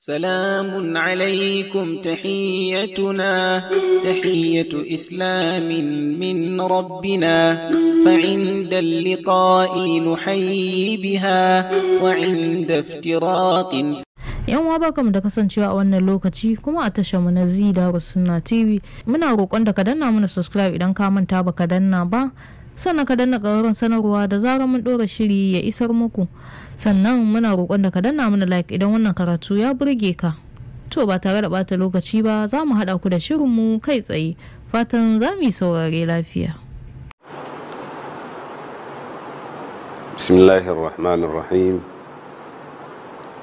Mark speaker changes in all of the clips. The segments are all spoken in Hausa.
Speaker 1: سلام عليكم تحيتنا تحية إسلام من ربنا فعند اللقاء نحيي بها وعند افتراق yan uwa barkamu da kasancewa a wannan lokaci kuma a tashar mu na zida sunna tv muna roƙon da ka danna mana subscribe idan ka manta baka danna ba sannan ka danna ƙararrun sanarwa da zarar mun ɗora shiri ya isar muku sannan muna roƙon da ka danna mana like idan wannan karatu ya burge ka to ba tare da bata lokaci ba za mu haɗa ku da shirinmu kai tsaye fatan za mu yi saurare lafiya bismillahir rahmanir rahim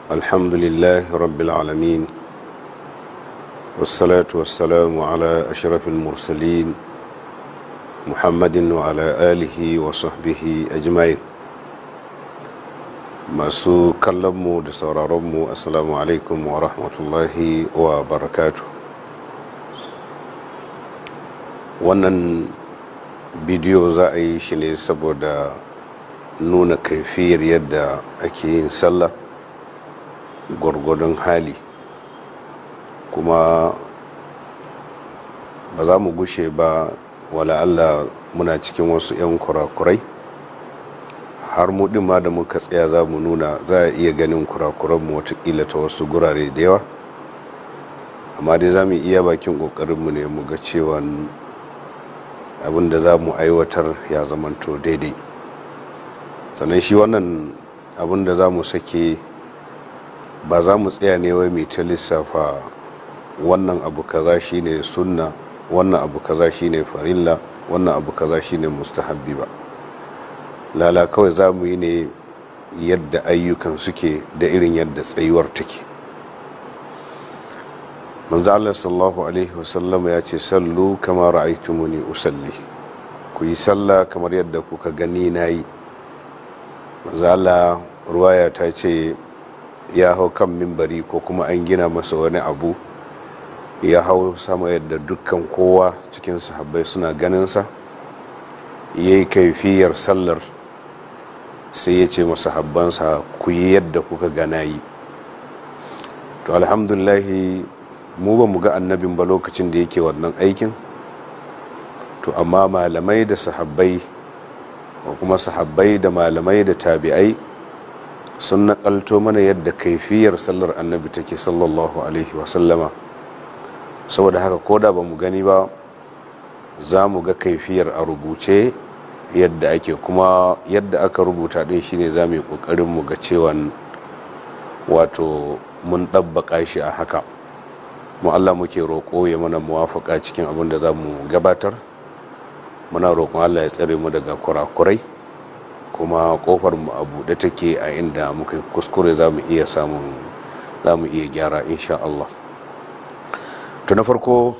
Speaker 1: alhamdulillahi rabbil alamin wassalatu wassalamu ala ashrafil mursalin muhammadin wa ala alihi wa sahbihi ajma'in masu kallonmu da sauraronmu assalamu alaikum wa rahmatullahi wa barakatu wannan bidiyo za a yi shi ne saboda nuna kaifiyar yadda ake yin sallah gwargwadon hali kuma ba za mu gushe ba wala Allah muna cikin wasu 'yan kurakurai har mu din ma da muka tsaya za mu nuna za a iya ganin kurakuranmu watakila ta wasu gurare da yawa amma dai za mu iya bakin ƙoƙarinmu ne mu ga cewa abin da za mu aiwatar ya zamanto daidai sannan shi wannan abin da za mu sake ba za mu tsaya ne wai mai ta lissafa wannan abu kaza shine sunna wannan abu kaza shine farilla wannan abu kaza shine mustahabbi ba lala kawai za mu yi ne yadda ayyukan suke da irin yadda tsayuwar take manzo Allah sallallahu alaihi wasallam ya ce sallu kama ra'aytumuni usalli ku yi sallah kamar yadda kuka gani nayi yi. Allah ruwaya ta ce ya hau kan mimbari ko kuma an gina masa wani abu ya hau sama yadda dukkan kowa cikin sahabbai suna ganinsa ya yi kaifiyar sallar sai ya ce masahabbansa ku yi yadda kuka gana yi to alhamdulahi mu ba mu ga annabin ba lokacin da yake wannan aikin to amma malamai da sahabbai kuma sahabbai da malamai da tabi'ai sun naƙalto mana yadda kaifiyar sallar annabi take sallallahu alaihi wasallama saboda haka koda ba mu gani ba za mu ga kaifiyar a rubuce yadda ake kuma yadda aka rubuta din shine za mu yi ƙoƙarin mu ga cewa wato mun ɗabbaƙa shi a haka mu Allah muke roƙo ya mana muwafaƙa cikin abin da za mu gabatar muna roƙon Allah ya tsare mu daga kurakurai kuma ƙofar mu a buɗe take a inda muka kuskure za mu iya samun za mu iya gyara insha Allah to na farko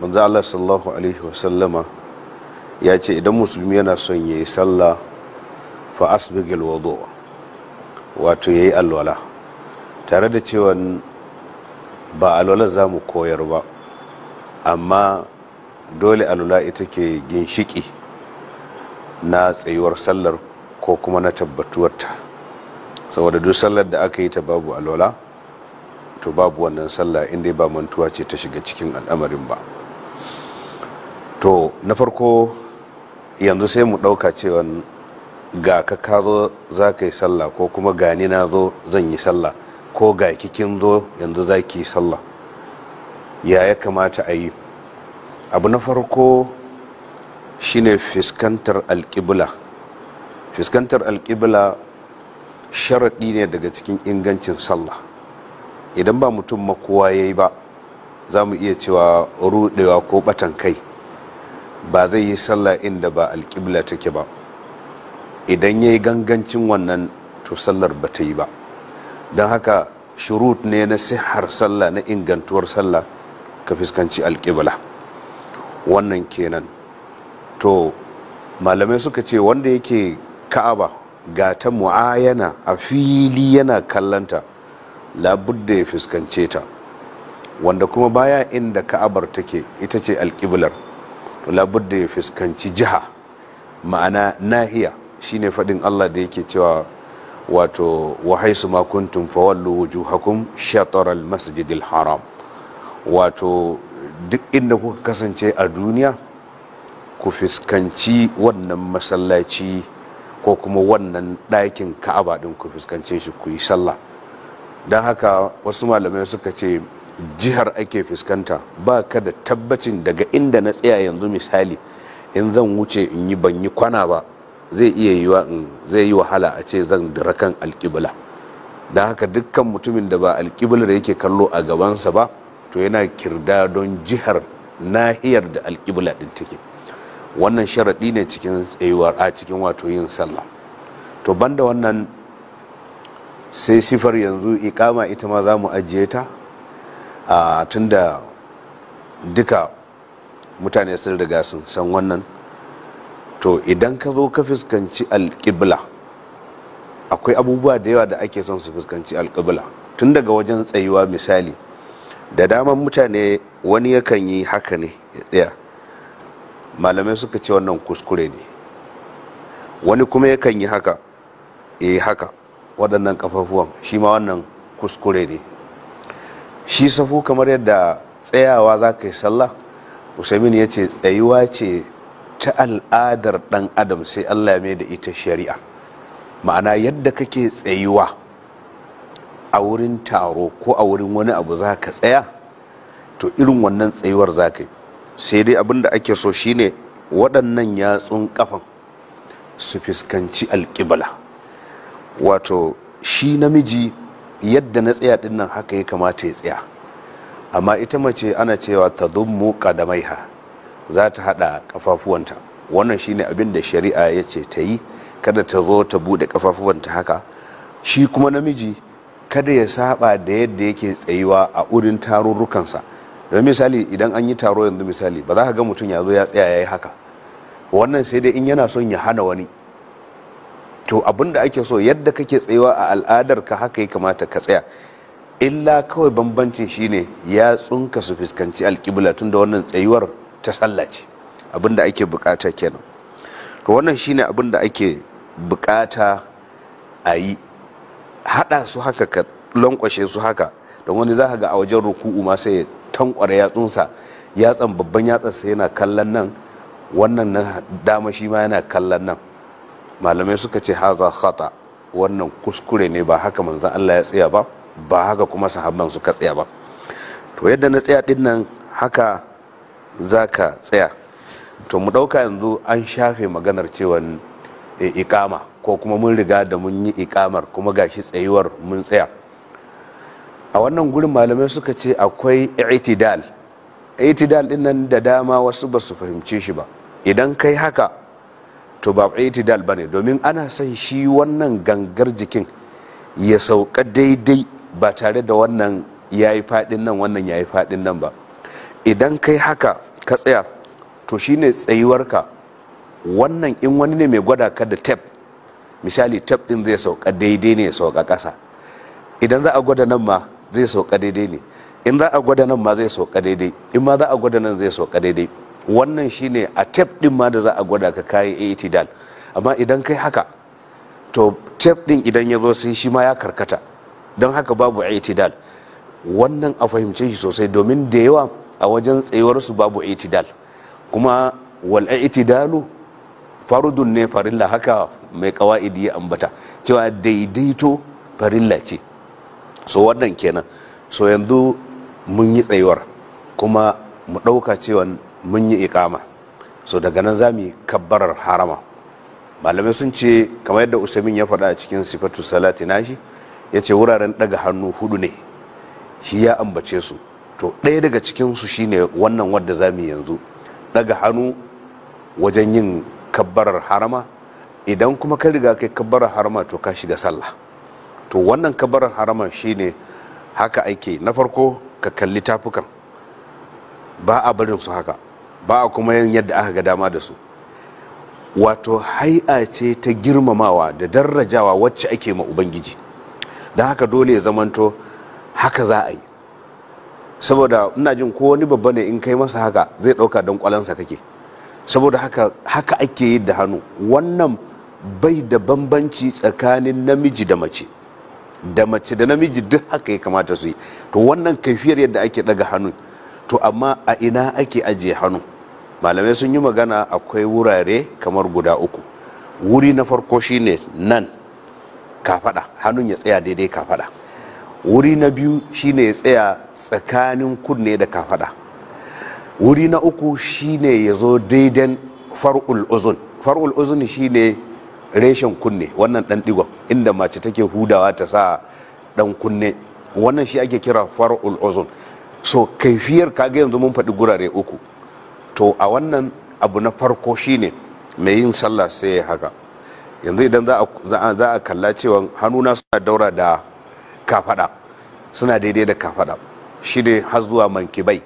Speaker 1: manzo Allah sallallahu alaihi wasallama ya ce idan musulmi yana son ya yi sallah fa asbigil wudu wato ya yi alwala tare da cewa ba alwala za mu koyar ba amma dole alwala ita ke ginshiki na tsayuwar sallar ko kuma na tabbatuwarta saboda duk sallar da aka yi ta babu alwala to babu wannan sallah inda ba mantuwa ce ta shiga cikin al'amarin ba to na farko yanzu sai mu ɗauka cewa ga ka ka zo za ka yi sallah ko kuma gani na zo zan yi sallah ko ga kikin zo yanzu za ki yi sallah ya ya kamata a yi abu na farko shine fiskantar alƙibla fuskantar alƙibla sharaɗi ne daga cikin ingancin sallah idan ba mutum makowa ya yi ba za mu iya cewa ruɗewa ko ɓatan kai ba zai yi sallah inda ba alƙibla take ba idan ya yi gangancin wannan to sallar ba ta yi ba don haka shurut ne na sihar sallah na ingantuwar sallah ka fuskanci alƙibla wannan kenan to malamai suka ce wanda yake ka'aba ga ta mu'ayana a fili yana kallanta labudda ya fuskance ta wanda kuma baya inda ka'abar take ita ce alƙiblar to labudda ya fuskanci jiha ma'ana nahiya shine faɗin Allah da yake cewa wato wa haisu makuntun fawallu wujuhakum shatarar masjidil haram wato duk inda kuka kasance a duniya ku fuskanci wannan masallaci ko kuma wannan ɗakin ka'aba ɗin ku fuskance shi ku yi sallah don haka wasu malamai suka ce jihar ake fuskanta ba ka da tabbacin daga inda na tsaya yanzu misali in zan wuce in yi ban yi kwana ba zai iya yi zai yi wahala a ce zan dira kan alƙibla don haka dukkan mutumin da ba alƙiblar yake kallo a gabansa ba to yana kirda don jihar nahiyar da alƙibla ɗin take wannan sharaɗi ne cikin tsayuwar a cikin wato yin sallah to banda wannan sai sifar yanzu ikama ita ma za mu ajiye ta A tunda duka mutane sun riga sun san wannan to idan ka zo ka fuskanci alƙibla akwai abubuwa da yawa da ake son su fuskanci alƙibla tun daga wajen tsayuwa misali da daman mutane wani yakan yi haka ne ya tsaya malamai suka ce wannan kuskure ne wani kuma yakan yi haka ya eh yi haka waɗannan ƙafafuwan, shi ma wannan kuskure ne shi safu kamar yadda tsayawa za ka yi sallah usaimin ya ce tsayuwa ce ta al'adar dan adam sai allah mai da ita shari'a ma'ana yadda kake tsayuwa a wurin taro ko a wurin wani abu za ka tsaya to irin wannan tsayuwar za ka yi sai dai abin da ake so shine waɗannan yatsun kafan su fuskanci alƙibla wato shi namiji yadda na tsaya dinnan haka ya kamata ya tsaya amma ita mace ana cewa ta dummu kadamaiha za ta hada kafafuwanta wannan shine abin da shari'a ya ce ta yi kada ta zo ta bude kafafuwanta haka shi kuma namiji kada ya saba da yadda yake tsayuwa a wurin tarurrukansa don misali idan an yi taro yanzu misali ba za ka ga mutum ya zo ya tsaya ya yi haka wannan sai dai in yana son ya hana wani to da ake so yadda kake tsayuwa a al'adar ka haka ya kamata ka tsaya illa kawai bambancin shine ya tsunka su fuskanci alƙibla tunda wannan tsayuwar ta sallah ce abinda ake bukata kenan to wannan shine abinda ake bukata a yi hada su haka ka lankwashe su haka don wani za ga a wajen ruku'u ma sai tankwara yatsunsa yatsan babban yatsansa yana kallon nan wannan na dama shi ma yana kallon nan malamai suka ce haza khata wannan kuskure ne ba haka manzan Allah ya tsaya ba ba haka kuma sahabban suka tsaya ba to yadda na tsaya din nan haka zaka tsaya to mu ɗauka yanzu an shafe maganar cewa e, ikama ko kuma mun riga da mun yi ikamar kuma gashi tsayuwar mun tsaya a wannan gurin malamai suka ce akwai itidal itidal din nan da dama wasu ba su fahimce shi ba idan kai haka to ba itidal ne domin ana son shi wannan gangar jikin ya sauka daidai ba tare da wannan ya yi fadin nan wannan ya yi fadin nan ba idan kai haka ka tsaya to shine tsayuwarka wannan in wani ne mai gwada ka da tep misali tep din zai sauka daidai ne ya sauka ƙasa idan za a gwada nan ma zai sauka daidai ne in za a gwada nan ma zai sauka daidai in ma za a gwada nan zai sauka daidai wannan shine a tep din ma da za a gwada ka kayi dal amma idan kai haka to tep din idan ya zo sai shi ma ya karkata don haka babu dal wannan a fahimce shi sosai domin da yawa a wajen tsayuwar su babu dal. kuma wal dalu farudun ne farilla haka mai kawa'idi ya ambata cewa daidaito farilla ce so wannan kenan so yanzu mun yi tsayuwar kuma mu ɗauka cewa mun yi ikama so daga nan za mu yi kabbarar harama malamai sun ce kamar yadda usamin ya faɗa a cikin sifatu salati nashi ya ce wuraren ɗaga hannu hudu ne shi ya ambace su to ɗaya daga cikinsu shine wannan wadda za mu yanzu ɗaga hannu wajen yin kabbarar harama idan kuma ka riga kai kabbarar harama to ka shiga sallah to wannan kabbarar harama shine haka ake na farko ka kalli tafukan ba a barin su haka ba a kuma yin yadda aka ga dama da su wato hai'a ce ta girmamawa da darajawa wacce ake ma ubangiji don haka dole ya zamanto haka za a yi saboda ina jin ko wani babba ne in kai masa haka zai ɗauka don kwalansa kake saboda haka haka ake yi da hannu wannan bai da bambanci tsakanin namiji da mace da mace da namiji duk haka ya kamata su yi to wannan kaifiyar yadda ake ɗaga hannun to amma a ina ake ajiye hannu malamai sun yi magana akwai wurare kamar guda uku wuri na farko shine nan kafada hannun ya tsaya daidai kafada wuri na biyu shine ya tsaya tsakanin kunne da kafada wuri na uku shine ya zo daidan far'ul uzun far'ul uzun shine reshen kunne wannan dan digon inda mace take hudawa ta sa dan kunne wannan shi ake kira far'ul uzun so kaifiyar kaga yanzu mun faɗi gurare uku to a wannan abu na farko shine mai yin sallah sai ya haka yanzu idan za a kalla cewa hannuna suna daura da kafada suna daidai da kafada shi ne har zuwa mankibai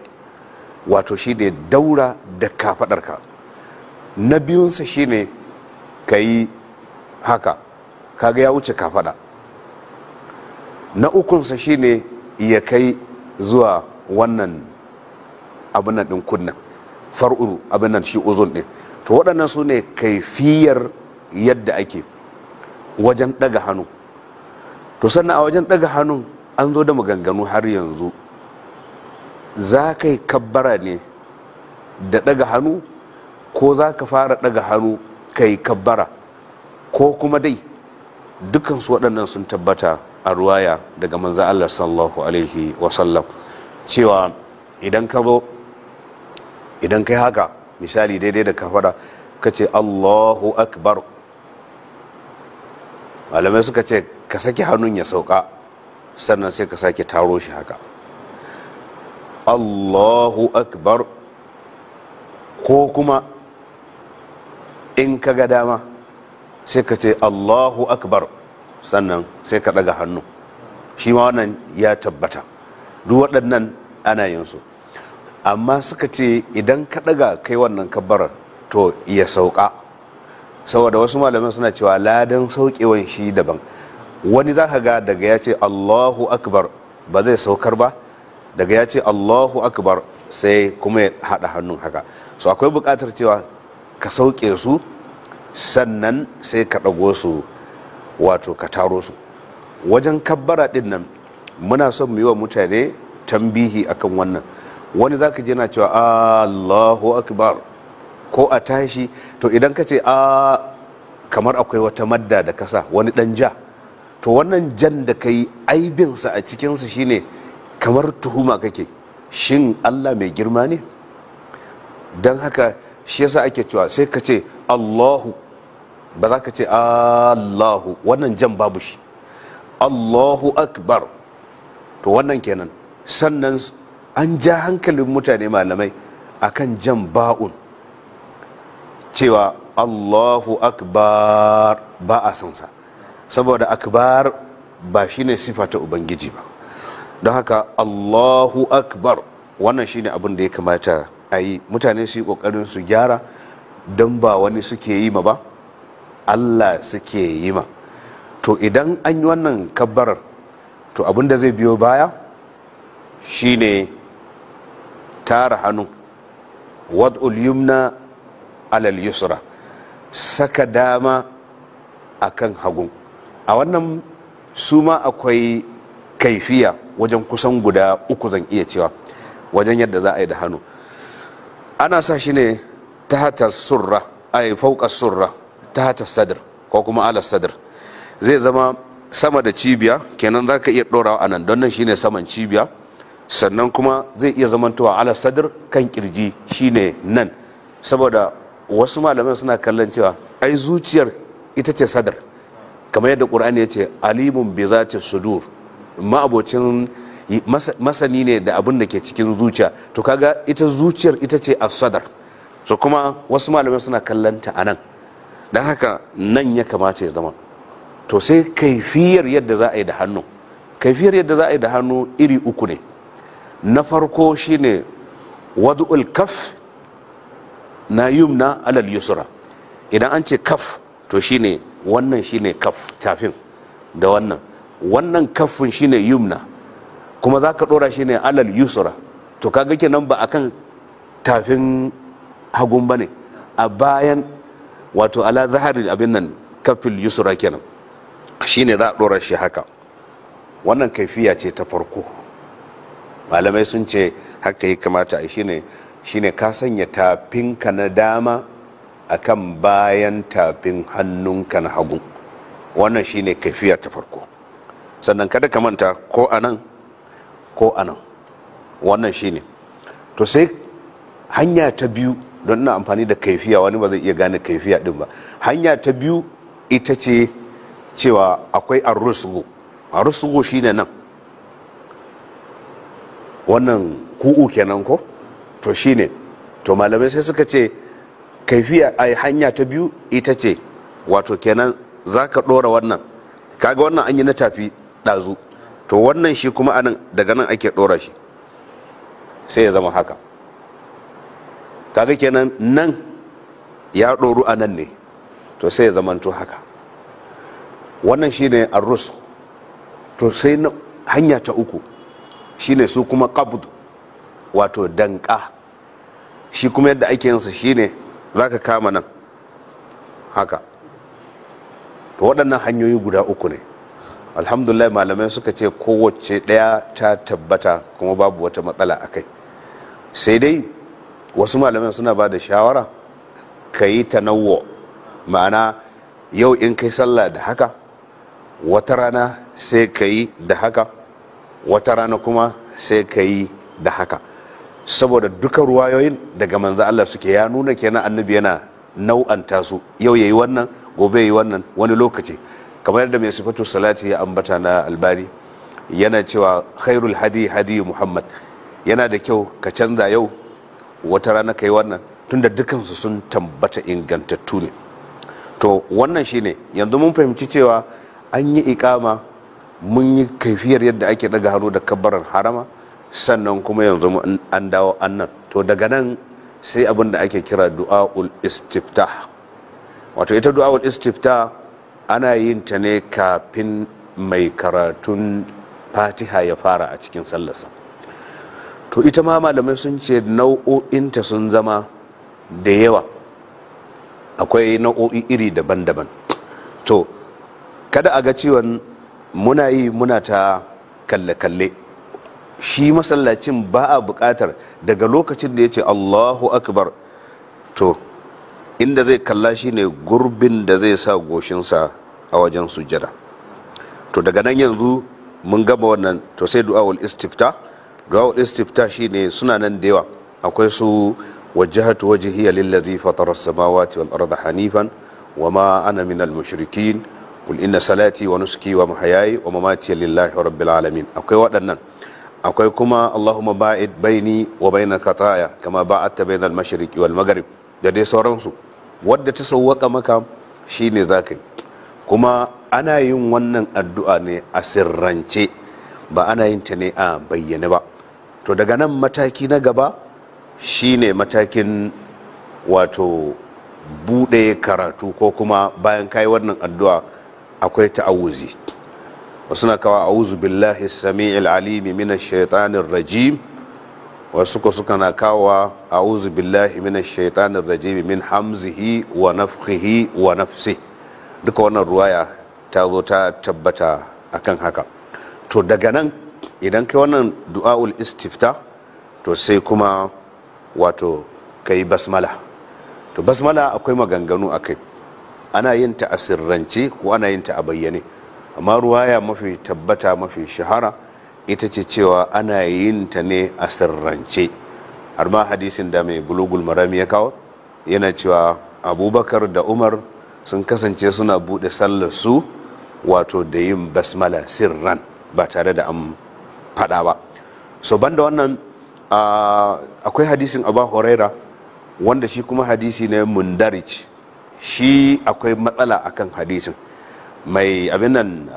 Speaker 1: wato shi daura da kafadarka na biyunsa shi ka yi haka kaga ya wuce kafada na ukunsa shi ya kai zuwa wannan abin nan din kunnan far'u abin nan shi uzun din to waɗannan su ne kaifiyar yadda ake wajen ɗaga hannu to sannan a wajen ɗaga hannun an zo da maganganu har yanzu za ka yi kabbara ne da ɗaga hannu ko za ka fara ɗaga hannu ka yi kabbara ko kuma dai dukansu waɗannan sun tabbata a ruwaya daga manzan Allah sallallahu alaihi wasallam cewa idan ka zo idan kai haka misali daidai da ka fada ka ce allahu akbar malamai suka ce ka sake hannun ya sauka sannan sai ka sake taro shi haka allahu akbar ko kuma in ka ga dama sai ka ce allahu akbar sannan sai ka daga hannu shi ma wannan ya tabbata duk waɗannan ana yin amma suka ce idan ka ɗaga kai wannan kabbarar to ya sauka saboda wasu malaman suna cewa ladan saukewan shi daban wani za ka ga daga ya ce allahu akbar ba zai saukar ba daga ya ce allahu akbar sai kuma ya haɗa hannun haka so akwai buƙatar cewa ka sauke su sannan sai ka ɗago su wato ka taro su wajen kabbara ɗin nan muna son mu yi wa mutane tambihi akan wannan wani za ka je na cewa Allahu akbar ko a tashi to idan ka ce a kamar akwai wata madda da kasa wani dan ja to wannan jan da ka yi aibinsa a cikinsa shine kamar tuhuma kake shin Allah mai girma ne don haka shi yasa ake cewa sai ka ce Allahu ba za ka ce Allahu wannan jan babu shi Allahu akbar to wannan kenan sannan an ja hankalin mutane malamai akan jan ba'un cewa allahu akbar ba a sansa saboda akbar ba shine sifa ta ubangiji ba don haka allahu akbar wannan shine abin da ya kamata a yi mutane su yi kokarin su gyara don ba wani suke yi ma ba allah suke yi ma to idan an yi wannan kabbarar to abin da zai biyo baya shine tara hannu wad'ul yumna alal yusra saka dama akan hagun a wannan su ma akwai kaifiya wajen kusan guda uku zan iya cewa wajen yadda za a yi da hannu ana sa shi ne ta hata surra a yi surra ta hata sadr ko kuma ala sadr zai zama sama da cibiya kenan za ka iya ɗorawa a nan don nan shine saman cibiya sannan kuma zai iya zamantowa ala sadr kan kirji shine nan saboda wasu malamai suna kallon cewa ai zuciyar ita ce sadar kamar yadda ƙur'ani ya ce alimun bi za ce sudur ma'abocin masani ne da abin da ke cikin zuciya to kaga ita zuciyar ita ce a sadar so kuma wasu malamai suna kallon ta a nan don haka nan ya kamata ya zama to sai kaifiyar yadda za a yi da hannu kaifiyar yadda za a yi da hannu iri uku ne na farko shine wadu'ul kaf na yumna alal yusra idan an ce kaf to shine wannan shine kaf tafin da wannan wannan kafin shine yumna kuma za ka dora shine alal yusra to kaga kenan ba kan tafin hagun bane a bayan wato ala zahari abin nan kafin yusra kenan shine za a ɗora shi haka wannan kaifiya ce ta farko malamai sun ce haka yi kamata a shine shine ka sanya tafinka na dama akan bayan tafin hannunka na hagu wannan shine kaifiya ta farko sannan kada ka manta ko anan ko anan wannan shine to sai hanya ta biyu don ina amfani da kaifiya wani ba zai iya gane kaifiya din ba hanya ta biyu ita ce cewa akwai arusgo shi shine nan wannan ku'u kenan ko to shine to malamai sai suka ce kaifiya a hanya ta biyu ita ce wato kenan za ka ɗora wannan kaga wannan an yi na tafi ɗazu to wannan shi kuma anan daga nan ake ɗora shi sai ya zama haka kaga kenan nan ya ɗoru anan ne to sai ya zamanto haka wannan shine arus to sai hanya ta uku shine su kuma qabd wato danka shi kuma yadda ake yinsa shine zaka kama nan haka to waɗannan hanyoyi guda uku ne alhamdulillah malamai suka ce kowace ɗaya ta tabbata kuma babu wata matsala a kai sai dai wasu malamai suna ba da shawara ka yi nawa ma'ana yau in kai sallah da haka wata rana sai ka yi da haka wata rana kuma sai ka yi da haka saboda duka ruwayoyin daga manzo Allah suke ya nuna kenan annabi yana nau'anta su yau yayi wannan gobe yayi wannan wani lokaci kamar yadda mai sifatu salati ya ambata na albari yana cewa khairul hadi hadi muhammad yana da kyau ka canza yau wata rana kai wannan tunda dukansu sun tambata ingantattu ne to wannan shine yanzu mun fahimci cewa an yi ikama mun yi kaifiyar yadda ake daga hannu da kabarar harama sannan kuma yanzu an dawo annan to daga nan sai abin da ake kira du'a'ul istifta wato ita du'a'ul istifta ana yin ta ne kafin mai karatun fatiha ya fara a cikin sallarsa to ita ma malamai sun ce nau'o'inta sun zama da yawa akwai nau'o'i iri daban-daban to kada a ga cewa muna yi muna ta kalle-kalle shi masallacin ba a bukatar daga lokacin da ya ce allahu akbar to inda zai kalla shi ne gurbin da zai sa goshinsa a wajen sujada to daga nan yanzu mun gama wannan to sai du'awul istifta du'awul istifta shine suna nan da yawa akwai su wajjahatu wajhiya lillazi fatara samawati wal arda hanifan wa ana minal mushrikin kul inna salati wa nuski wa muhayayi wa mamati lillahi rabbil alamin akwai waɗannan akwai kuma allahumma ba'id baini wa baina kataya kama baina al mashriqi wal maghrib da dai sauransu wadda ta sawwaka maka shine zakai kuma ana yin wannan addu'a ne a sirrance ba ana yin ta ne a bayyane ba to daga nan mataki na gaba shine matakin wato bude karatu ko kuma bayan kai wannan addu'a akwai ta'awuzi wasu na kawo a'uzu billahi sami'il alimi minash shaitanin rajim wasu ko suka na kawo a'uzu billahi minash shaitanin rajim min hamzihi wa wa nafsi duka wannan ruwaya ta zo ta tabbata akan haka to daga nan idan kai wannan du'a'ul istifta to sai kuma wato kai basmala to basmala akwai maganganu a kai. ana yin ta a sirrance ko ana yin ta a bayyane amma ruwaya mafi tabbata mafi shahara ita ce cewa ana yin ta ne a sirrance har ma hadisin da mai bulugul marami ya kawo yana cewa abubakar da umar sun kasance suna buɗe sallar su wato da yin basmala sirran ba tare da an faɗa ba so banda wannan ah, akwai hadisin abu huraira wanda shi kuma hadisi ne mundarici shi akwai matsala akan hadisin mai abinan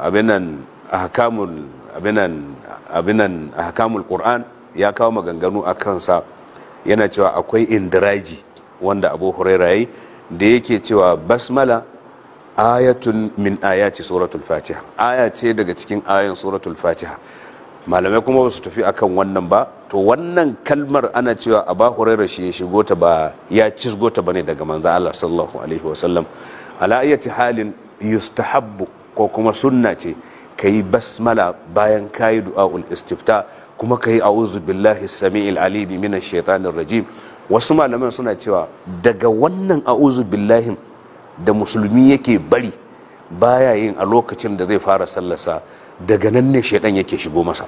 Speaker 1: abinan ahkamul abinan abinan ahkamul qur'an ya kawo maganganu a kansa yana cewa akwai indiraji wanda abu huraira yayi da yake cewa basmala ayatun min ayati suratul fatiha aya ce daga cikin ayan suratul fatiha malamai kuma ba su tafi akan wannan ba to wannan kalmar ana cewa a ba hurairar shi ya shigo ta ba ya cizgo ta bane daga manza. Allah sallallahu alaihi sallam ala ayati halin yustahabbu ko kuma sunna ce kayi basmala bayan kayi du'aul istifta kuma kayi a'udhu billahi samiil alim minash shaitanir rajim wasu malaman suna cewa daga wannan a'udhu billahi da musulmi yake bari baya yin a lokacin da zai fara sallarsa daga nan ne shaidan yake shigo masa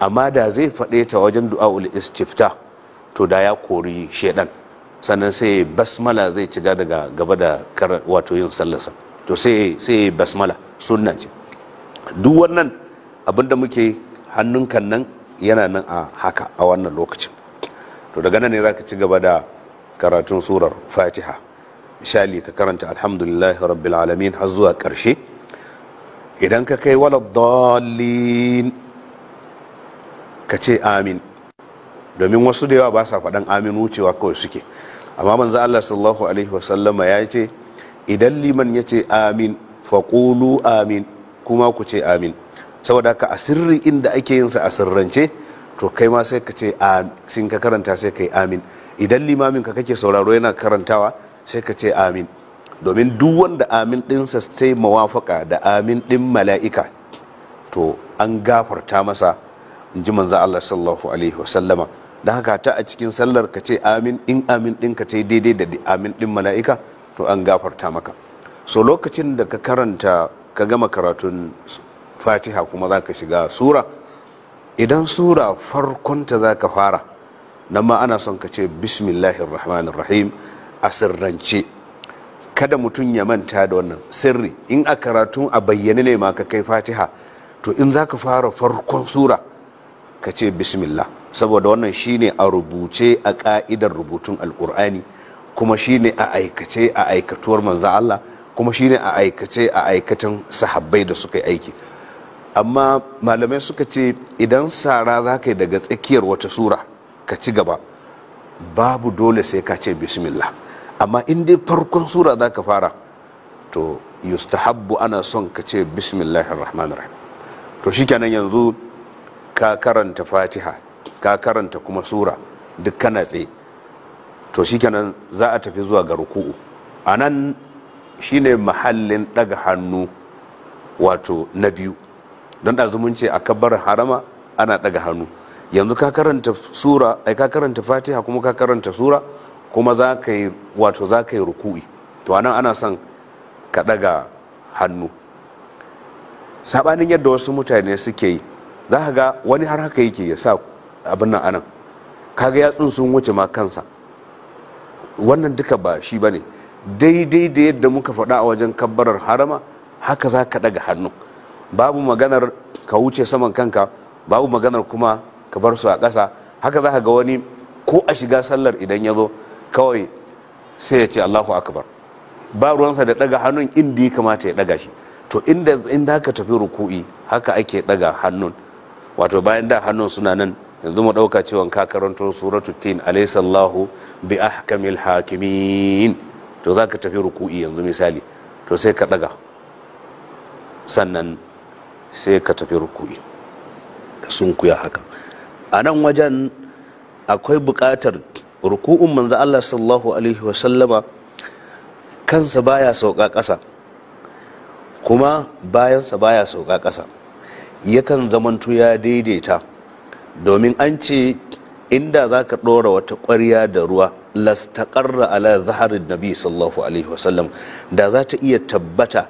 Speaker 1: amma da zai faɗe ta wajen du'a'ul istifta to da ya kori shaidan sannan sai basmala zai ci daga gaba da wato yin sallarsa to sai sai basmala sunna ce duk wannan abinda muke hannun kan nan yana nan a haka a wannan lokacin to daga nan ne zaka ci gaba da karatun surar fatiha misali ka karanta alhamdulillahi rabbil alamin har zuwa karshe. idan ka kai wala dalilin ka ce amin domin wasu da yawa ba sa faɗan amin wucewa kawai suke amma manzo Allah sallallahu alaihi wasallam ya ce idan liman ya ce amin faƙulu amin kuma ku ce amin saboda ka a sirri inda ake yinsa a sirrance to kai ma sai ka ce sin ka karanta sai ka yi amin idan limamin ka kake sauraro yana karantawa sai ka ce amin domin duk wanda amin ɗinsa sai mawafaka da amin ɗin mala'ika to an gafarta masa in ji manzo Allah sallallahu alaihi wasallama da haka ta a cikin sallar ka ce amin in amin ɗin ka ce daidai da amin ɗin mala'ika to an gafarta maka so lokacin da ka karanta ka gama karatun fatiha kuma zaka shiga sura idan sura farkon ta zaka fara nan ma ana son ka ce bismillahir rahmanir rahim a sirrance kada mutum ya manta da wannan sirri in a karatu a bayyane ne ma ka kai fatiha to in za ka fara farkon sura ka ce bismillah saboda wannan shine a rubuce a ka'idar rubutun alkur'ani kuma shine a aikace a aikatuwar manzo Allah kuma shine a aikace a aikatan sahabbai da suka yi aiki amma malamai suka ce idan sara za ka yi daga tsakiyar wata sura ka ci gaba babu dole sai ka ce bismillah amma in dai farkon sura za ka fara to yustahabbu ana son ka ce bismillahir rahmanir rahim to shikenan yanzu ka karanta fatiha ka karanta kuma sura duk kana tse to shikenan za a tafi zuwa ga ruku'u a nan shine mahallin daga hannu wato na biyu don da ce a kabbar harama ana daga hannu yanzu ka karanta sura ai ka karanta fatiha kuma ka karanta sura kuma za ka yi wato za ka yi ruku'i to anan ana son ka ɗaga hannu saɓanin yadda wasu mutane suke yi za ka ga wani har haka yake ya sa abin nan anan kaga yatsun sun wuce ma kansa wannan duka ba shi ba ne daidai da yadda muka faɗa a wajen kabbarar harama haka za ka ɗaga hannu babu maganar ka wuce saman kanka babu maganar kuma ka bar su a ƙasa haka za ka ga wani ko a shiga sallar idan ya zo kawai sai ya ce allahu akbar ba ruwansa da daga hannun inda ya kamata ya daga shi to inda in ka tafi ruku'i haka ake daga hannun wato bayan da hannun suna nan yanzu mu dauka cewa ka suratu tin alaysa allahu bi ahkamil hakimin to zaka tafi ruku'i yanzu misali to sai ka daga sannan sai ka tafi ruku'i ka sunkuya haka a nan wajen akwai buƙatar ruku'un manzo Allah sallallahu alaihi wasallama kansa baya sauka ƙasa kuma bayansa baya sauka ƙasa yakan zamanto ya daidaita domin an ce inda za ka ɗora wata ƙwarya da ruwa lastaƙarra ala zaharin nabi sallallahu alaihi wasallam da za ta iya tabbata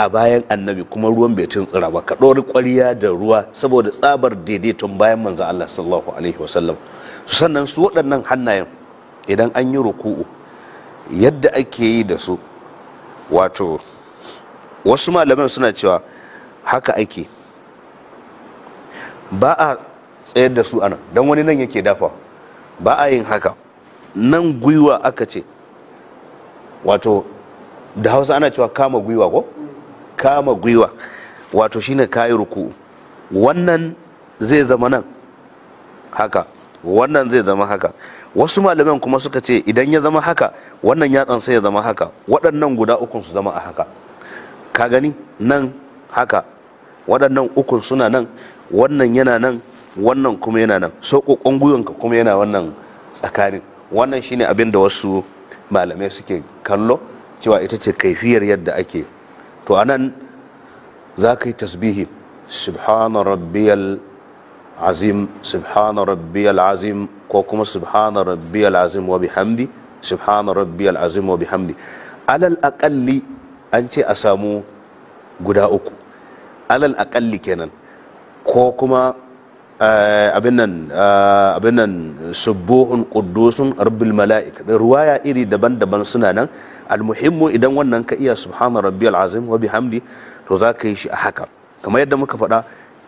Speaker 1: a bayan annabi kuma ruwan bai tsira ba ka ɗori ƙwarya da ruwa saboda tsabar daidaiton bayan manzo Allah sallallahu alaihi wasallam sannan su waɗannan hannayen idan an yi ruku'u yadda ake yi da su wato wasu malaman suna cewa haka ake ba a tsayar da su ana don wani nan yake dafa ba a yin haka nan gwiwa aka ce wato da hausa ana cewa kama gwiwa ko kama gwiwa wato shine kayi ruku'u wannan zai zama nan haka wannan zai zama haka wasu malaman kuma suka ce idan ya zama haka wannan yatsan sai ya zama haka waɗannan guda ukun su zama a haka ka gani nan haka waɗannan ukun suna nan wannan yana nan wannan kuma yana nan sokokon gwiwanka kuma yana wannan tsakanin wannan shine abin da wasu malamai suke kallo cewa ita ce kaifiyar yadda ake to anan za ka yi tasbihi subhana rabbiyal azim subhana rabbiyal azim ko kuma subhana rabbiyal azim wa bihamdi subhana rabbiyal azim wa bihamdi alal aƙalli an ce a samu guda uku alal aƙalli kenan ko kuma abin nan abin nan subuhun quddusun rabbul mala'ik ruwaya iri daban-daban suna nan almuhimmu idan wannan ka iya subhana rabbiyal azim wa bihamdi to za ka yi shi a haka kamar yadda muka faɗa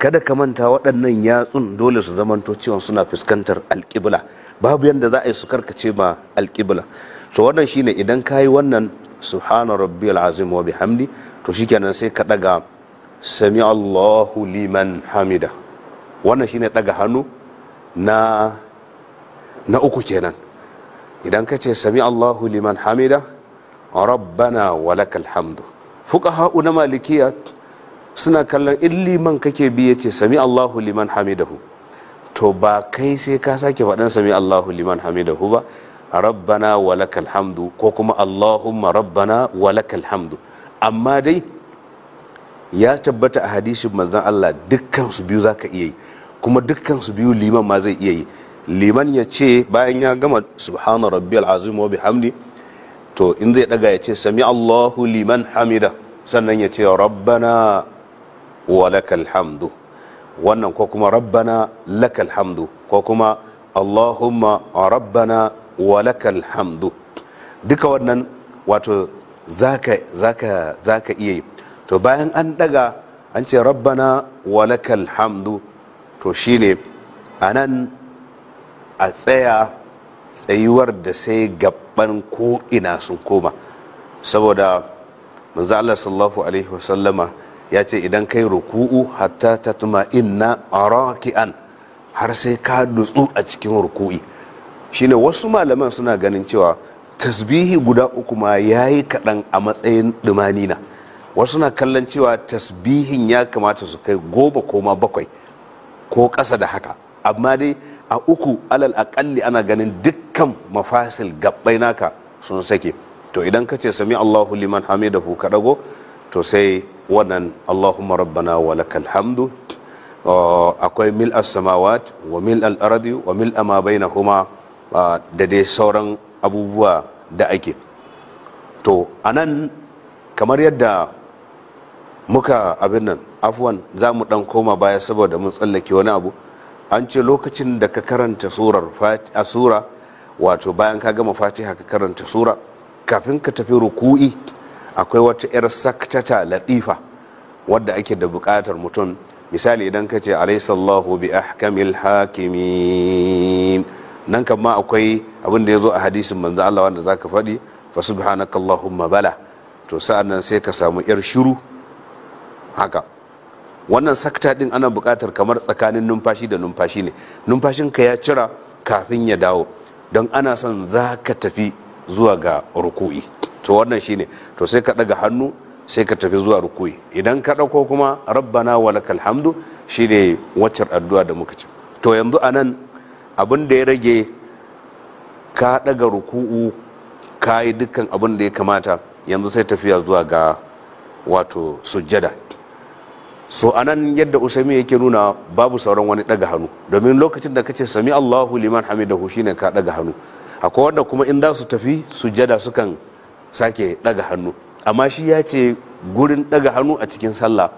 Speaker 1: kada ka manta waɗannan yatsun dole su zamanto cewa suna fuskantar alƙibla babu yadda za a yi su karkace ma alƙibla to wannan shine idan ka yi wannan subhana rabbi azim wa bihamdi to shikenan sai ka ɗaga sami Allahu liman hamida wannan shine daga hannu na uku kenan idan ka ce sami Allahu liman hamida rabbana walakal hamdu ha'u na malikiya suna kallon in liman kake bi ya ce sami allahu liman hamidahu to ba kai sai ka sake faɗan sami allahu liman hamidahu ba rabbana walakal hamdu ko kuma allahumma rabbana walakal hamdu amma dai ya tabbata a hadishin manzan allah dukkan su biyu za ka iya yi kuma dukkan su biyu liman ma zai iya yi liman ya ce bayan ya gama subhana rabbi azim wa bihamdi to in zai daga ya ce sami allahu liman hamida sannan ya ce rabbana walakal hamdu wannan ko kuma rabbana lakal hamdu ko kuma allahumma rabbana walakal hamdu duka wannan wato zaka iya yi to bayan an daga an ce rabbana walakal hamdu to shine anan a tsaya tsayuwar da sai gaban ko ina sun koma saboda manzo Allah sallallahu alaihi wasallama ya ce idan kai ruku'u hatta tatma inna raki'an har sai ka dutsu a cikin ruku'i shine wasu malaman suna ganin cewa tasbihi guda uku ma ya yi kaɗan a matsayin ɗumanina wasu na kallon cewa tasbihin ya kamata su kai goma ko ma bakwai ko ƙasa da haka amma dai a uku alal aƙalli ana ganin dukkan mafasil gabbai naka sun sake to idan ka ce sami allahu liman hamidahu ka ɗago to sai wannan allahumma rabbana wa lakal hamdu uh, akwai mil samawat wa mil al'aradi wa mil ma kuma uh, da dai sauran abubuwa da ake to anan kamar yadda muka abin nan afwan za mu dan koma baya saboda mun tsallake wani abu an ce lokacin da ka karanta surar a sura wato bayan ka gama fatiha ka karanta sura kafin ka tafi ruku'i akwai wata 'yar saktata latifa wadda ake da bukatar mutum misali idan ka ce alaisallahu bi ahkamil hakimin nan kama akwai abinda da ya zo a hadisin manzo Allah wanda zaka faɗi fa subhanaka allahumma bala to sa'an nan sai ka samu 'yar shiru haka wannan sakta ɗin ana buƙatar kamar tsakanin numfashi da numfashi ne numfashin ka ya cira kafin ya dawo don ana son za ka tafi zuwa ga ruku'i to wannan shine to sai ka daga hannu sai ka tafi zuwa ruku'i idan ka ɗauko kuma rabbana wa lakal hamdu shine waccar addu'a da muka ci to yanzu anan abin da ya rage ka daga ruku'u ka yi dukkan abin da ya kamata yanzu sai tafiya zuwa ga wato sujjada so anan yadda usami yake nuna babu sauran wani daga hannu domin lokacin da kace sami Allahu liman hamidahu shine ka daga hannu akwai wanda kuma in za su tafi sujjada sukan sake daga hannu amma shi ya ce gurin daga hannu a cikin sallah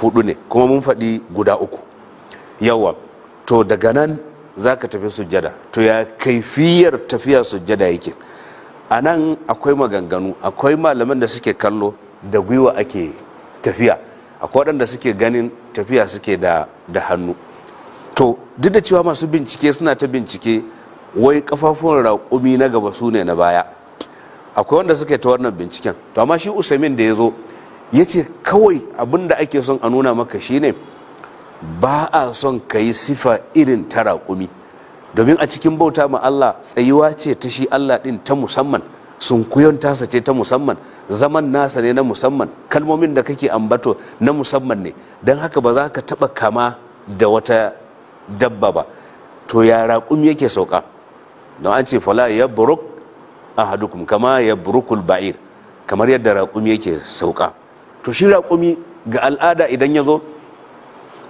Speaker 1: fudu ne kuma mun faɗi guda uku yawa to daga nan za ka tafi sujjada to ya kaifiyar tafiya sujjada yake a nan akwai maganganu akwai malaman da suke kallo da gwiwa ake tafiya akwai waɗanda suke ganin tafiya suke da, da hannu to duk da cewa masu bincike suna ta bincike wai kafafuwan raƙumi na gaba su ne na baya akwai wanda suka yi ta wannan binciken to amma shi usamin da ya zo ya ce kawai abin da ake son a nuna maka shine ba a son ka yi sifa irin ta raƙumi domin a cikin bauta ma Allah tsayuwa ce ta shi Allah ɗin ta musamman sunkuyon tasa ce ta musamman zaman nasa ne na musamman kalmomin da kake ambato na musamman ne don haka ba za ka taɓa kama da wata dabba ba to ya raƙumi yake sauka don an ce fala ya buruk ahadukum kama burukul ba'ir kamar yadda raƙumi yake sauka to shi raƙumi ga al'ada idan ya zo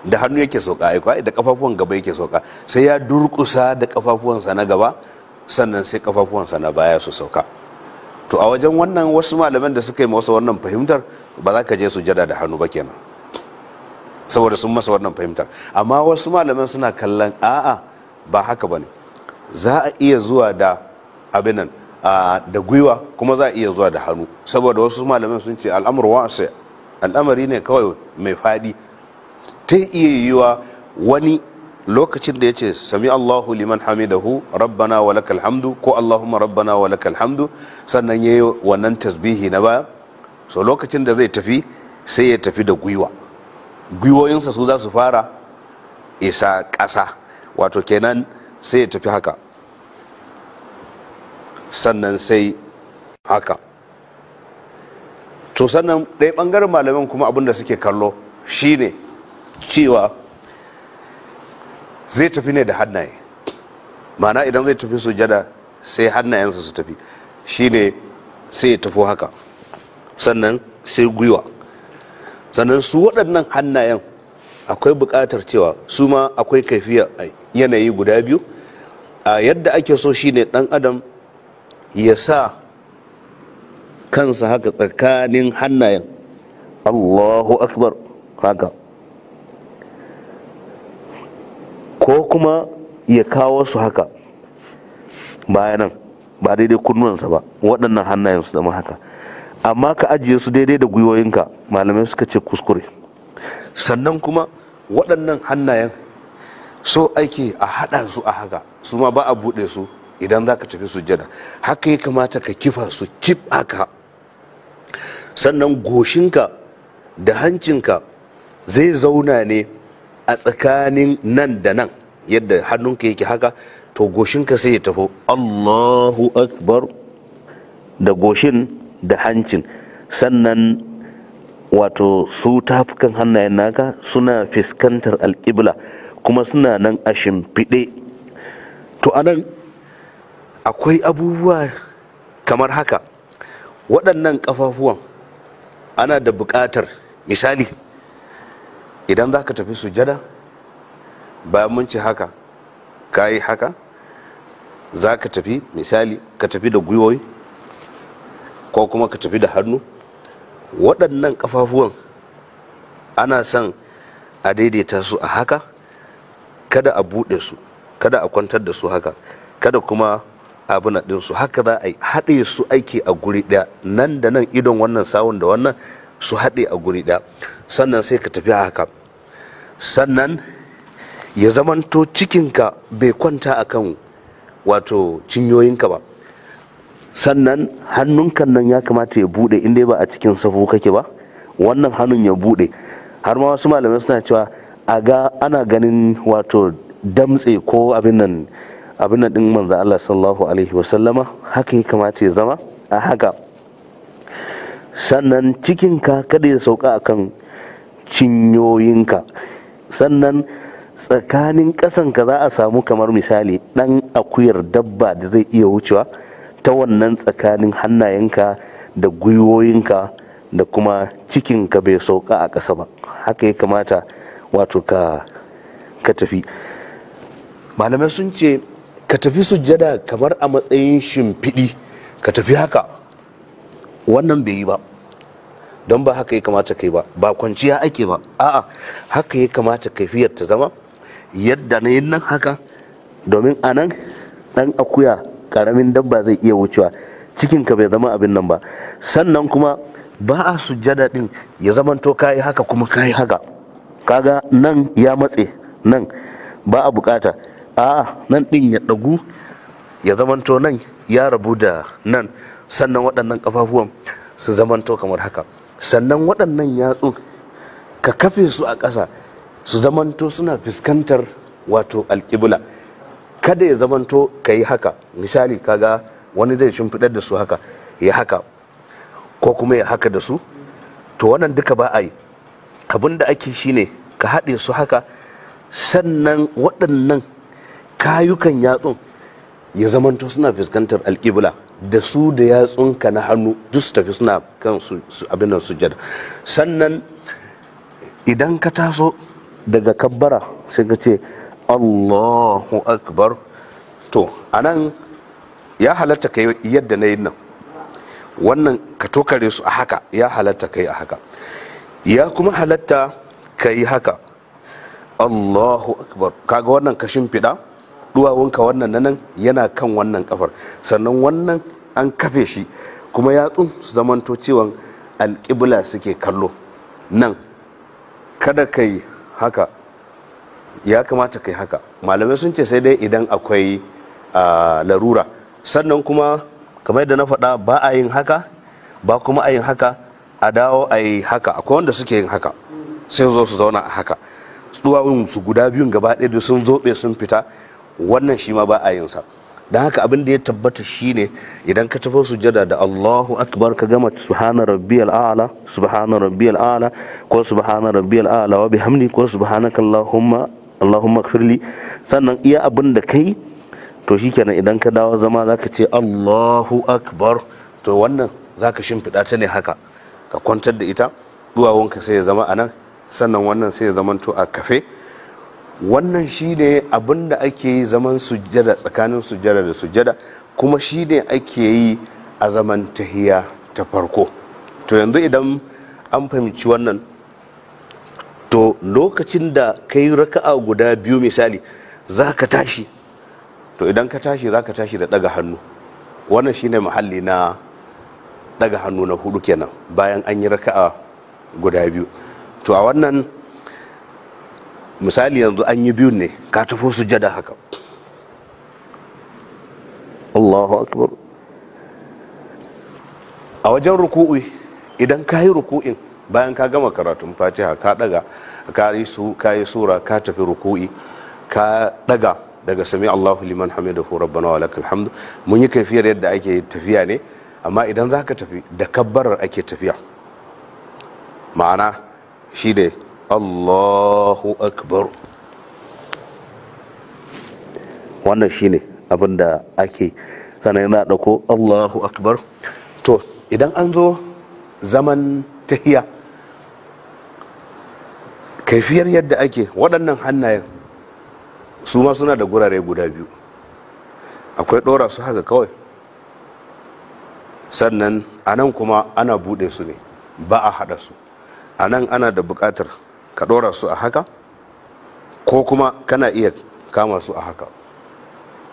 Speaker 1: da hannu yake sauka aiko da kafafuwan gaba yake sauka sai ya durkusa da kafafuwansa na gaba sannan sai kafafuwansa na baya su sauka to a wajen wannan wasu malaman da suka yi masa wannan fahimtar ba za ka je su jada da hannu ba kenan saboda sun masa wannan fahimtar amma wasu malaman suna kallon a'a ba haka bane za a iya zuwa da abinan da gwiwa kuma za a iya zuwa da hannu saboda wasu malamin sun ce al'amur al'amari ne kawai mai faɗi ta iya yiwa wani lokacin da ya ce sami Allahu liman hamidahu rabbana wa lakal hamdu ko Allahumma rabbana wa lakal hamdu sannan ya yi wannan tasbihi na baya so lokacin da zai tafi sai ya tafi da gwiwa gwiwoyinsa su za su fara isa ƙasa wato kenan sai ya tafi haka sannan sai haka to sannan ɗaya ɓangaren malamin kuma abin da suke kallo shine cewa zai tafi ne da hannaye mana idan zai tafi sujada sai hannayensa su tafi shine sai ya tafi haka sannan sai gwiwa sannan su waɗannan hannayen akwai buƙatar cewa su ma akwai kaifiya yanayi guda biyu a yadda ake so shine ɗan adam ya sa kansa haka tsakanin hannayen allahu akbar haka ko kuma ya kawo su haka bayanan ba daidai kunnuwansa ba waɗannan hannayen su zama haka amma ka ajiye su daidai da gwiwoyinka malamai suka ce kuskure sannan kuma waɗannan hannayen so aiki a haɗa su a haka su ma ba a buɗe su idan za ka tafi sujjada haka ya kamata ka kifa su cif aka sannan goshinka da hancinka zai zauna ne a tsakanin nan da nan yadda hannunka yake haka to goshinka sai ya tafi allahu akbar da goshin da hancin sannan wato su tafukan hannayen naka suna fiskantar alƙibla kuma suna nan a shimfiɗe to anan akwai abubuwa kamar haka waɗannan ƙafafuwan ana da buƙatar misali idan za ka tafi sujada bayan mun ci haka ka yi haka za ka tafi misali ka tafi da gwiwoyi ko kuma ka tafi da hannu waɗannan ƙafafuwan ana son a daidaita su a haka kada a buɗe su kada a kwantar da su haka kada kuma abin ɗinsu haka za a haɗe su aiki a guri ɗaya nan da nan idon wannan sawun da wannan su haɗe a guri ɗaya sannan sai ka tafi haka sannan ya zamanto cikinka bai kwanta a akan wato cinyoyinka ba sannan hannunkan nan ya kamata ya buɗe inda ba a cikin safu kake ba wannan hannun ya buɗe har ma wasu malamai suna cewa a ga ana ganin wato damtse ko abin nan abin da din manzo Allah sallallahu alaihi Sallama haka ya kamata ya zama a haka sannan cikinka kada ya sauka akan cinyoyinka sannan tsakanin ka za a samu kamar misali ɗan akuyar dabba da zai iya wucewa ta wannan tsakanin hannayenka da gwiwoyinka da kuma cikinka bai sauka a ƙasa ba haka ya kamata wato ka tafi malamai sun ce ka tafi sujjada kamar a matsayin shimfiɗi ka tafi haka wannan bai yi ba don ba haka ya kamata kai ba ba kwanciya ake ba a'a haka ya kamata kaifiyar ta zama yadda na yin nan haka domin a nan ɗan akuya ƙaramin dabba zai iya wucewa cikinka bai zama abin nan ba sannan kuma ba a sujjada ɗin ya zamanto kayi haka kuma kayi haka kaga nan ya matse nan ba a bukata a'a nan din ya dagu ya zamanto nan ya rabu da nan sannan waɗannan ƙafafuwan su zamanto kamar haka sannan waɗannan yatsu ka kafe su a ƙasa su zamanto suna fuskantar wato alƙibla kada ya zamanto ka yi haka misali kaga wani zai shimfiɗar da su haka ya haka ko kuma ya haka da su to wannan duka ba a yi abin da ake shine ka haɗe su haka sannan waɗannan kayukan yatsun ya zamanto suna fuskantar alƙibla da su da yatsunka na hannu duk su tafi suna kan su abin nan sujada sannan idan ka taso daga kabbara sai ka ce allahu akbar to anan ya halatta kai yadda na yi nan wannan ka tokare su a haka ya halatta kai a haka ya kuma halatta ka yi haka allahu akbar kaga wannan kashin shimfiɗa duwawunka wannan nan yana kan wannan kafar sannan wannan an kafe shi kuma yatsun su zamanto cewan alƙibla suke kallo nan kada ka yi haka ya kamata ka yi haka malamai sun ce sai dai idan akwai larura sannan kuma kamar da na faɗa ba a yin haka ba kuma a yin haka a dawo a yi haka akwai wanda suke yin haka sai zo su zauna a haka tsuwawun su guda biyun gaba ɗaya sun zobe sun fita wannan shi ma ba a yin sa don haka abin da ya tabbata shine idan ka tafi sujada da Allahu akbar ka gama subhana rabbiyal a'la subhana rabbiyal a'la ko subhana rabbiyal a'la wa bihamdi ko subhanaka allahumma allahumma ighfirli sannan iya abin da kai to shikenan idan ka dawo zama zaka ce Allahu akbar to wannan zaka shimfida ta ne haka ka kwantar da ita duwawunka sai ya zama anan sannan wannan sai ya zamanto a kafe wannan shi ne abin da ake yi zaman sujjada tsakanin sujjada da sujjada kuma shi ne ake yi a zaman tahiya ta farko to yanzu idan an fahimci wannan to lokacin da ka yi raka'a guda biyu misali za ka tashi to idan ka tashi za ka tashi da daga hannu wannan shi ne mahalli na daga hannu na hudu kenan bayan an yi raka'a guda biyu to a wannan misali yanzu an yi biyun ne ka tafi sujada haka Allahu akbar a wajen ruku'i idan ka yi ruku'in bayan ka gama karatun fatiha ka daga ka yi sura ka tafi ruku'i ka daga daga sami Allahu liman hamidahu rabbana wa lakal hamdu mun yi kafiyar yadda ake tafiya ne amma idan za ka tafi da kabbarar ake tafiya ma'ana shi da Allahu akbar wannan shine abin da ake sannan yana ɗauko Allahu akbar to idan an zo zaman tahiya kaifiyar yadda ake waɗannan hannayen su ma suna da gurare guda biyu akwai ɗora su haka kawai sannan a nan kuma ana buɗe su ne ba a haɗa su a nan ana da buƙatar ka ɗora su a haka ko kuma kana iya kama su a haka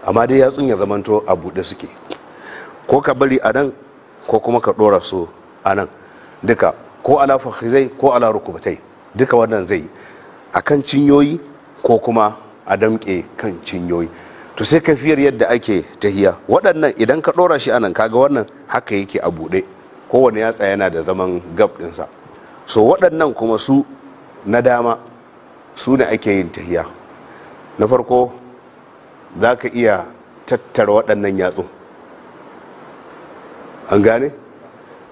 Speaker 1: amma dai yatsun ya zamanto a buɗe suke ko ka bari a nan ko kuma ka ɗora su a nan duka ko ala fahizai ko ala rukubatai duka wannan zai a kan cinyoyi ko kuma a damƙe kan cinyoyi to sai ka kafiyar yadda ake tahiya waɗannan idan ka ɗora shi anan kaga wannan haka yake a buɗe kowane yatsa yana da zaman gab ɗinsa so waɗannan kuma su na dama su ne ake yin tahiya na farko za ka iya tattara waɗannan yatsu an gane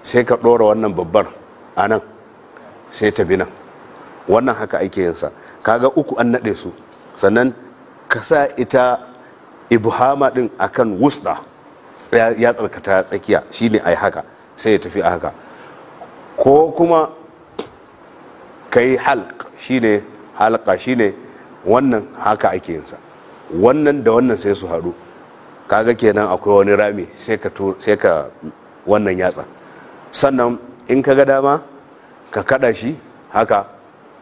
Speaker 1: sai ka ɗora wannan babbar a nan sai ta bi nan wannan haka ake yinsa kaga uku an naɗe su sannan ka sa ita ibhama ɗin akan wusda ya tsarkata tsakiya shine yi haka sai ya tafi a haka ko kuma kai halk shine halka shine wannan haka ake yinsa wannan da wannan sai su haɗu kaga kenan akwai wani rami sai ka sai ka wannan yatsa sannan in ka ga dama ka kada shi haka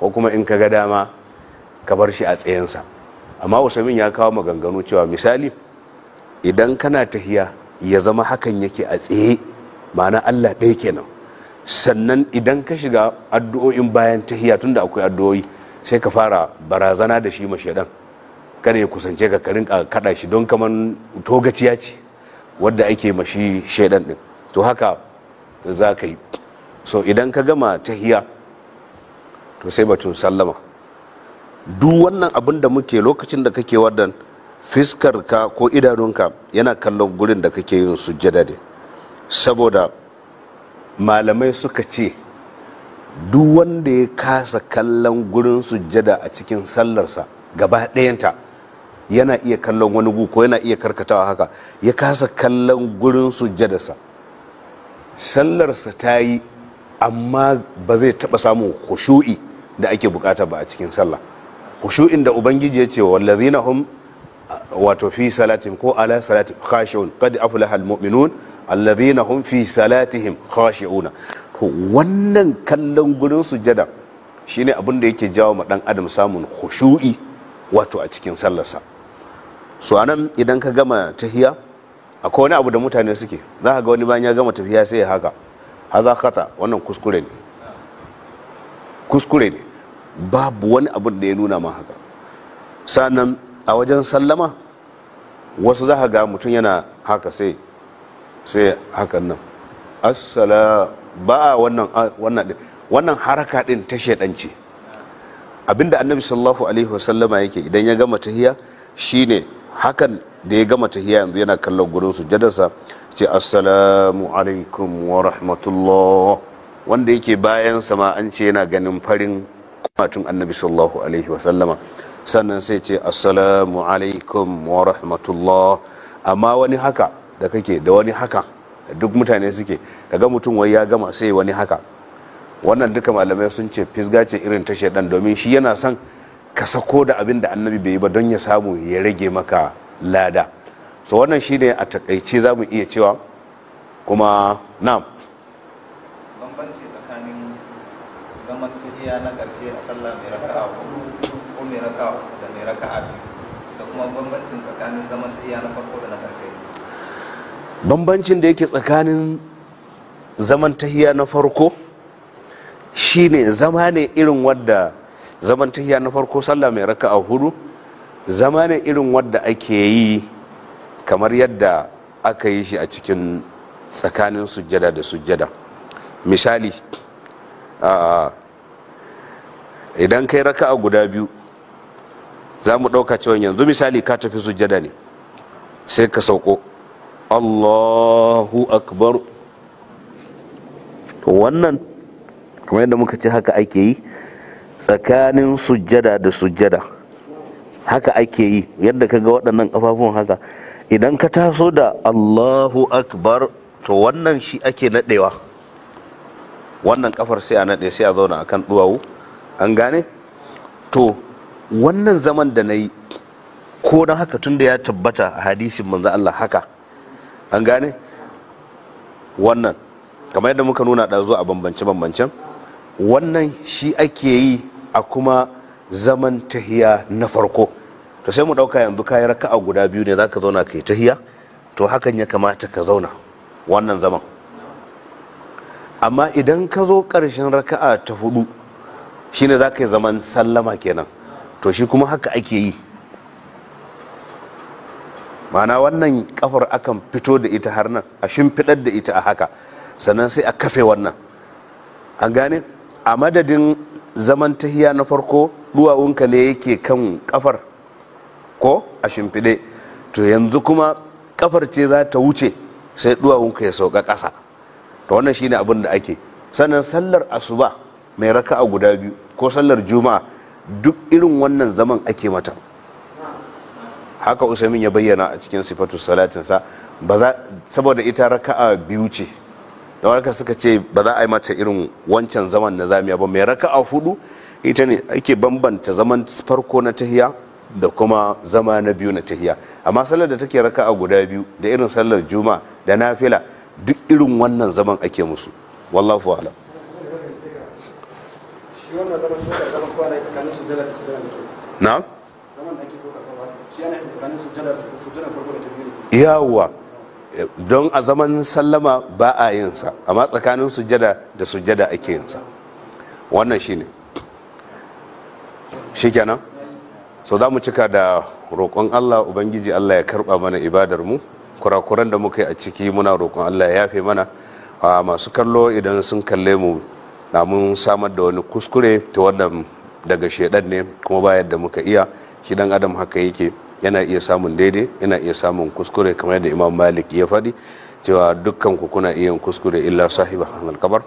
Speaker 1: ko kuma in ka ga dama ka bar shi a tsayensa amma usamin ya kawo maganganu cewa misali idan kana tahiya ya zama hakan yake a tsaye ma'ana allah ɗaya kenan sannan idan ka shiga addu'o'in bayan tahiya tunda akwai addu'o'i sai ka fara barazana da shi mashaɗan kada ya kusance ka karin kaɗa shi don kaman togaciya ce wadda ake mashi shaidan ɗin to haka za ka yi so idan ka gama tahiya to sai batun sallama duk wannan abin da muke lokacin da kake wadan ka ko idanunka yana kallon gurin da kake yin sujjada ne saboda malamai suka ce duk wanda ya kasa kallon gurin sujjada a cikin sallarsa gaba ɗayanta yana iya kallon wani gu ko yana iya karkatawa haka ya kasa kallon gurin sujjadarsa sallarsa ta yi amma ba zai taɓa samun hushu'i da ake bukata ba a cikin sallah hushu'in da ubangiji ya ce wallazina hum wato fi salatin ko ala salatin khashi'un qad aflaha almu'minun allazina hum fi salatihim khashi'una to wannan kallon gurin sujada shine abin da yake jawo ma dan adam samun khushu'i wato a cikin sallarsa so anan idan ka gama tahiya akwai wani abu da mutane suke za ka ga wani bayan ya gama tafiya sai ya haka haza khata wannan kuskure ne kuskure ne babu wani abu da ya nuna ma haka sannan a wajen sallama wasu za ka ga mutum yana haka sai sai hakan nan assala ba wannan wannan wannan haraka din ta shedanci abinda annabi sallallahu alaihi wasallama yake idan ya gama tahiya shine hakan da ya gama tahiya yanzu yana kallon gurin sujadarsa ce assalamu alaikum wa rahmatullah wanda yake bayan sama an ce yana ganin farin kumatun annabi sallallahu alaihi wasallama sannan sai ce assalamu alaikum wa rahmatullah amma wani haka da kake da wani haka duk mutane suke kaga mutum wai ya gama sai wani haka wannan duka malamai sun ce fisga ce irin ta shaidan domin shi yana son ka sako da abin da annabi bai yi ba don ya samu ya rage maka lada so wannan shi ne a takaice za mu iya cewa kuma na bambanci tsakanin zaman tahiya na karshe a sallah mai a hudu ko mai raka'a da mai a biyu da kuma bambancin tsakanin zaman na farko bambancin da yake tsakanin zaman tahiya na farko shine zama ne irin wadda zaman tahiya na farko sallah mai raka a hudu zama ne irin wadda ake yi kamar yadda aka yi shi a cikin tsakanin sujjada da sujjada misali idan kai raka a guda biyu za mu ɗauka cewa yanzu misali ka tafi sujjada ne sai ka sauko Allahu akbar to wannan kamar yadda muka ce haka ake yi tsakanin sujjada da sujjada haka ake yi yadda ka ga waɗannan ƙafafun haka idan ka taso da Allahu akbar to wannan shi ake naɗewa wannan ƙafar sai a naɗe sai a zauna a kan duwawu an gane to wannan zaman da na yi ko na haka tun da ya tabbata a hadisin manzo Allah haka an gane wannan kamar yadda muka nuna ɗazu a bambance-bambancen wannan shi ake yi a kuma zaman tahiya na farko to sai mu ɗauka yanzu kayi raka'a guda biyu ne zaka zauna ka tahiya to hakan ya kamata ka zauna wannan zaman amma idan ka zo ƙarshen raka'a ta hudu shine za ka yi zaman sallama kenan to shi kuma haka ake yi ma'ana wannan kafar akan fito da ita har nan a shimfiɗar da ita a haka sannan sai a kafe wannan an gane a madadin zaman tahiya na farko duwawunka ne yake kan kafar ko a shimfiɗe to yanzu kuma kafar ce za ta wuce sai duwawunka ya sauka ƙasa to wannan shine abin da ake sannan sallar asuba mai raka'a guda biyu ko sallar juma'a duk irin wannan zaman ake mata haka usamin ya bayyana a cikin sifatu salatinsa saboda ita raka'a biyu ce da warka suka ce ba za a yi mata irin wancan zaman na zamiya ba mai raka'a hudu ita ne ake bambanta zaman farko na tahiya da kuma zama na biyu na tahiya amma sallar da take raka'a guda biyu da irin sallar juma da nafila duk irin wannan zaman ake musu wallahu a'lam na yawwa don a zaman sallama ba a yinsa amma tsakanin sujada da sujada ake yinsa wannan shine shikenan so za mu cika da roƙon allah ubangiji allah ya karba mana ibadar mu kurakuran da muka yi a ciki muna roƙon allah ya yafe mana a masu kallo idan sun kalle mu na mun samar da wani kuskure ta wannan daga shaidan ne kuma ba yadda muka iya shi dan adam haka yake yana iya samun daidai yana iya samun kuskure kamar yadda imam malik ya faɗi cewa dukkan ku kuna iya kuskure illa sahiba Yau. alkabar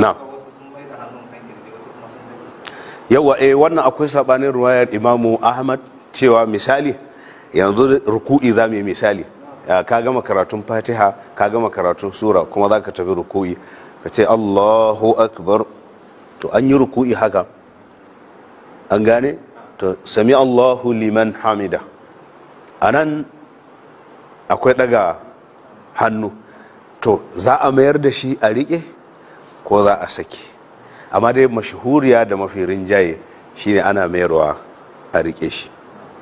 Speaker 1: Yau. yawa eh wannan akwai sabanin ruwayar imamu ahmad cewa misali yanzu ruku'i za mu yi misali Ah, ka gama karatun fatiha ka gama karatun sura kuma za ka tafi ruku'i ka ce allahu akbar to an yi ruku'i haka an gane to sami allahu liman hamida a nan akwai daga hannu to za a mayar da shi a riƙe ko za a saki amma dai mashahuriya da mafi rinjaye shine ana mayarwa a riƙe shi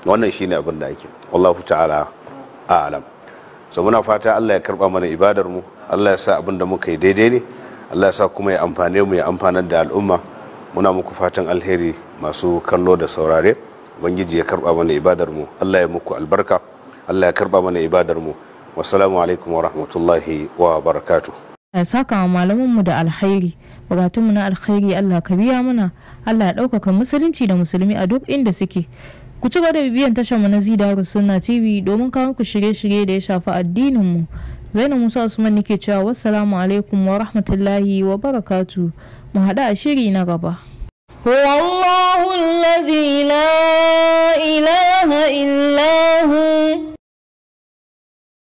Speaker 1: wannan shine abin da ake wallahu ta'ala a'lam so muna fata Allah ya karba mana ibadar mu Allah ya sa abin da muka yi daidai ne Allah ya sa kuma ya amfane mu ya amfanar da al'umma muna muku fatan alheri masu kallo da saurare bangiji ya karba mana ibadar mu Allah ya muku albarka Allah ya karba mana ibadar mu wasalamu alaikum wa rahmatullahi wa barakatu. saka malaman mu da alheri bukatunmu na alheri Allah ka biya mana Allah ya ɗaukaka musulunci da musulmi a duk inda suke Ku ci gaba da bibiyan tashar mu na Zidaru Sunna TV domin kawo ku shirye-shirye da ya shafi addinin mu. Zainab Musa Usman nike cewa wassalamu alaikum wa rahmatullahi wa barakatu. Mu haɗu a shiri na gaba. هو الله الذي لا